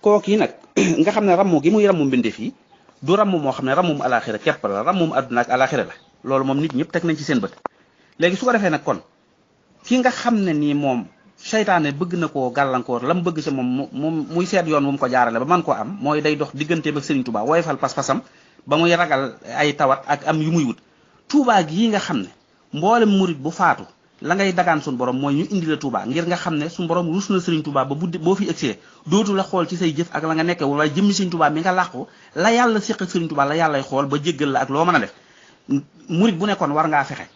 kooki nag nga xam ne rammu gi muy rammu mbindeef yi du rammu moo xam ne rammum alaxira képp la rammum àdduna ak alaxira la loolu moom nit ñëpp teg nañ ci seen bët léegi su ko defee nag kon ki nga xam ne nii moom seytaane bëgg na koo gàllankoor lam bëgg sa moom moom muy seet yoon wu mu ko jaarale ba man koo am mooy day dox digganteem ak Serigne Touba woyfal pas-pasam ba muy ragal ay tawat ak am yu muy wut Touba gi nga xam ne mboolem murit bu faatu la ngay dagaan suñu borom mooy ñu indi la Touba ngir nga xam ne su borom rus na Serigne Touba ba bu boo fi egsee dootu la xool ci say jëf ak la nga nekke wala jëmmi Serigne Touba mi nga làqu la yàlla séq ak Serigne Touba yàllay xool ba jéggal ak loo mën a def murit bu nekkoon war ngaa fexe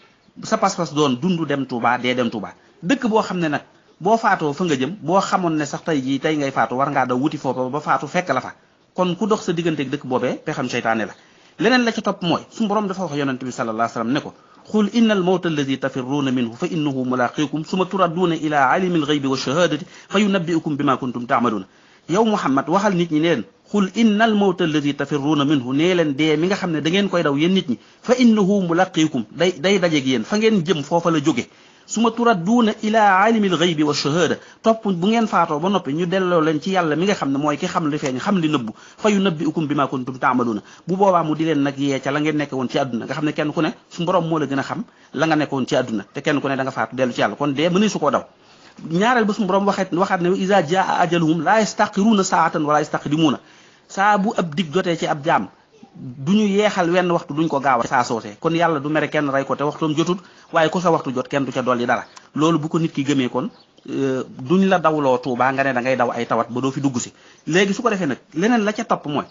sa pas-pas dund dem Touba dee dem Touba dëkk boo xam ne nag boo faatoo fa nga jëm boo xamoon ne sax tey jii tey ngay faatu war ngaa daw wuti foofa ba faatu fekk la fa kon ku dox sa digganteeg dëkk boobee pexam seytaane la leneen la ci topp mooy suñu borom dafa wax yonent bi sallallahu alayhi wasallam ko qul inna al mawta alladi tafirruuna minhu fa innahu mulaaqiikum suma turadduuna ila alimi alxaybi wa shahaadati fa yunabbiukum bima kuntum taamaluun yow Muhammad waxal nit ñi ne leen xul inna al mawta alladi tafirruuna minhu nee leen dee mi nga xam ne da ngeen koy daw yéen nit ñi fa innahu mulaqikum day day dajeeg yéen fa ngeen jëm foofa la jóge su ma turadduuna ilaa aalimil ghaybi wa shahada topp bu ngeen faatoo ba noppi ñu delloo leen ci yàlla mi nga xam ne mooy ki xam li feeñ xam li nëbbu fa yunabbi'ukum bimaa kuntum ta'maluuna bu boobaa mu di leen nag yee ca la ngeen nekk woon ci àdduna nga xam ne kenn ku ne su borom moo la gën a xam la nga nekk woon ci àdduna te kenn ku ne da nga faatu dellu ci yàlla kon dee mëni su koo daw ñaareel ba suñu borom waxet waxaat ne iza jaa ajaluhum laa yastaqiruuna saatan wala yastaqdimuuna saa bu ab dig jotee ci ab jaam du ñu yeexal wenn waxtu duñ ko gaaw a saa soosee kon yàlla du mere kenn rey ko te waxtoom jotut waaye ku sa waxtu jot kenn du ca yi dara loolu bu ko nit ki gëmee kon euh, ñu la dawloo Tuubaa nga ne da ngay daw ay tawat ba doo fi dugg si léegi su ko defee nag leneen la ca topp mooy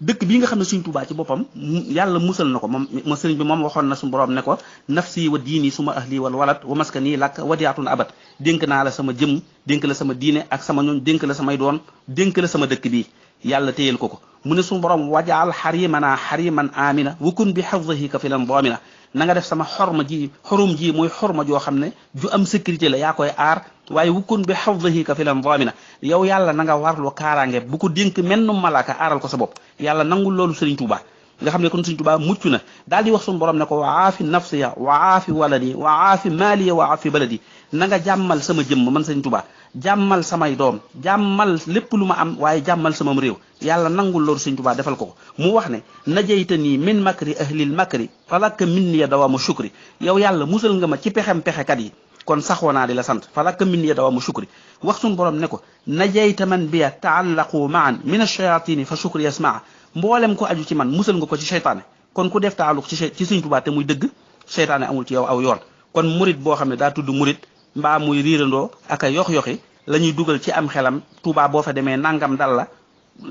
dëkk bii nga xam ne suñ Tuubaa ci boppam yàlla musal na ko moom ma sëriñ bi moom waxoon na suñu borom ne ko nafsi wa diini suma ahli wal walad wa maskani lakk wadiatun abat dénk naa la sama jëm dénk la sama diine ak sama ñooñ dénk la samay doon dénk la sama dëkk bii yàlla téyel ko ko mu ne suñu borom wajaal xarimana xariman amina wukun bi xafdihi kafilan doomina na nanga def sama xorma ji xorum ji mooy xorma joo xam ne ju am sécurité la yaa koy aar waaye wukun bi xafdihi kafilan doomina yow yàlla na nga warlu kaaraange bu ko dénk menn malaaka aaral ko sa bopp yàlla nangul loolu Sëriñ Tuubaa nga xam ne kon suñ tubaa mucc na daal di wax suñu borom ne ko wa aafi nafsiya wa aafi waladi wa aafi maaliya wa aafi baladi na nga jàmmal sama jëmm man sëñ tubaa jàmmal samay doom jàmmal lépp lu ma am waaye jàmmal samam réew yàlla nangul loolu sëñ tubaa defal ko mu wax ne najayta nii min makri ahlil makri falakka min niya dawaamu shukri yow yàlla musal nga ma ci pexem pexekat yi kon saxoo naa di la sant falakka min niya dawaamu shukri wax suñu borom ne ko najayta man biya taallaqu maan min alchayatini fa shukri yasmaa mboolem ko aju ci man musal nga ko ci seytaane kon ku def taaluk ci ci Sëñ muy dëgg seytaane amul ci yow aw yoon kon murit boo xam ne daa tudd murit mbaa muy riirandoo ak a yox-yoxi la ñuy dugal ci am xelam Tuubaa boo fa demee nangam dal la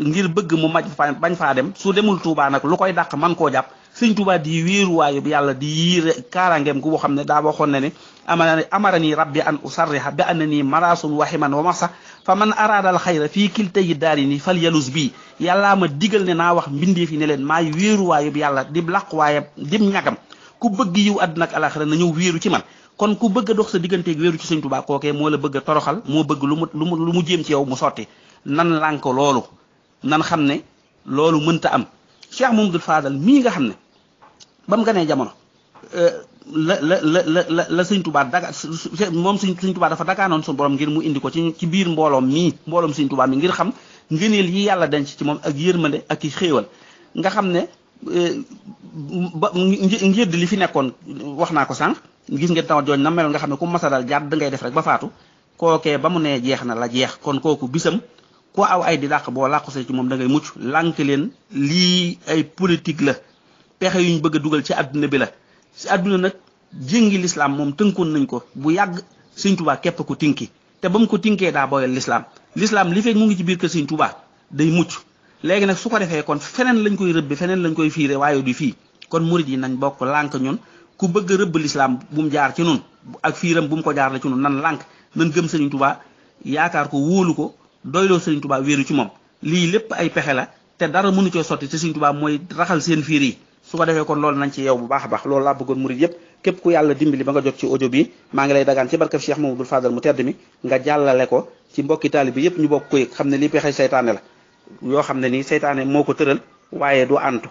ngir bëgg mu maj bañ faa dem su demul Tuubaa nag lu koy daq man koo jàpp sëñ Tuubaa di wéeruwaayu bu yàlla di yiir kaaraangeem ku boo xam ne daa waxoon na ne amana amarani rabbi an usarriha bi annani maraasun waximan wa masa fa man araada al xayra fii kilta yi daari ni fal yalus bii yàllaa ma digal ne naa wax mbindeef fi ne leen maay wéeruwaayu bu yàlla di laquwaayam di ñagam ku bëgg yiw àdduna ak alaxira na ñëw wéeru ci man kon ku bëgg dox sa digganteeg wéeru ci sëñ Tuubaa kookee moo la bëgg a toroxal moo bëgg lu mu lu mu lu mu jéem ci yow mu sotti nan lànk loolu nan xam ne loolu mënta am Cheikh Mamadou Fadal mii nga xam ne ba mu ganee jamono euh, la la la la la sëñ tubaa daga moom sëñ sëñ tubaa dafa dagaanoon borom ngir mu indi ko ci ci biir mbooloom mii mbooloom sëñ tubaa mi ngir xam ngëneel yi yàlla denc ci moom ak yërmande ak i xéewal nga xam ne euh, ba njëdd li fi nekkoon wax naa ko sànq gis ngeen taw jooñ na mel nga xam ne ku masa dal jaar da ngay def rek ba faatu kookee ba nee jeex na la jeex kon kooku bisam ku aw ay di dàq boo làqu see ci moom da ngay mucc lànk leen lii ay politique la pexe yuñ bëgg dugal ci àdduna bi la si àdduna nag jéngi lislaam moom tënkoon nañ ko bu yàgg sëñ tubaa képp ko tinki te ba mu ko tinkee daa boyal lislaam lislaam li fekk mu ngi ci biir kër sëñ tubaa day mucc léegi nag su defee kon feneen lañ koy rëbbi feneen lañ koy fiire waaye du fii kon murit yi nañ bokk lànk ñun ku bëgg a rëbb lislaam bu mu jaar ci nun ak fiiram bu mu ko jaar la ci nun nan lànk nan gëm sëriñ tubaa yaakaar ko wóolu ko doyloo sëriñ tubaa wéeru ci moom lii lépp ay pexe la te dara mënu coo sotti te sëriñ tubaa mooy raxal seen fiir su ko defee kon loolu nañ ci yow bu baax a baax loolu laa bëggoon murid yépp képp ku yàlla dimbali ba nga jot ci audio bi maa ngi lay dagaan ci barkab Cheikh Mamadou Fadal mu tedd mi nga jàllale ko ci mbokki taalibe yépp ñu bokk ko yëg xam ne lii pexe seytaane la yoo xam ne nii seytaane moo ko tëral waaye du antu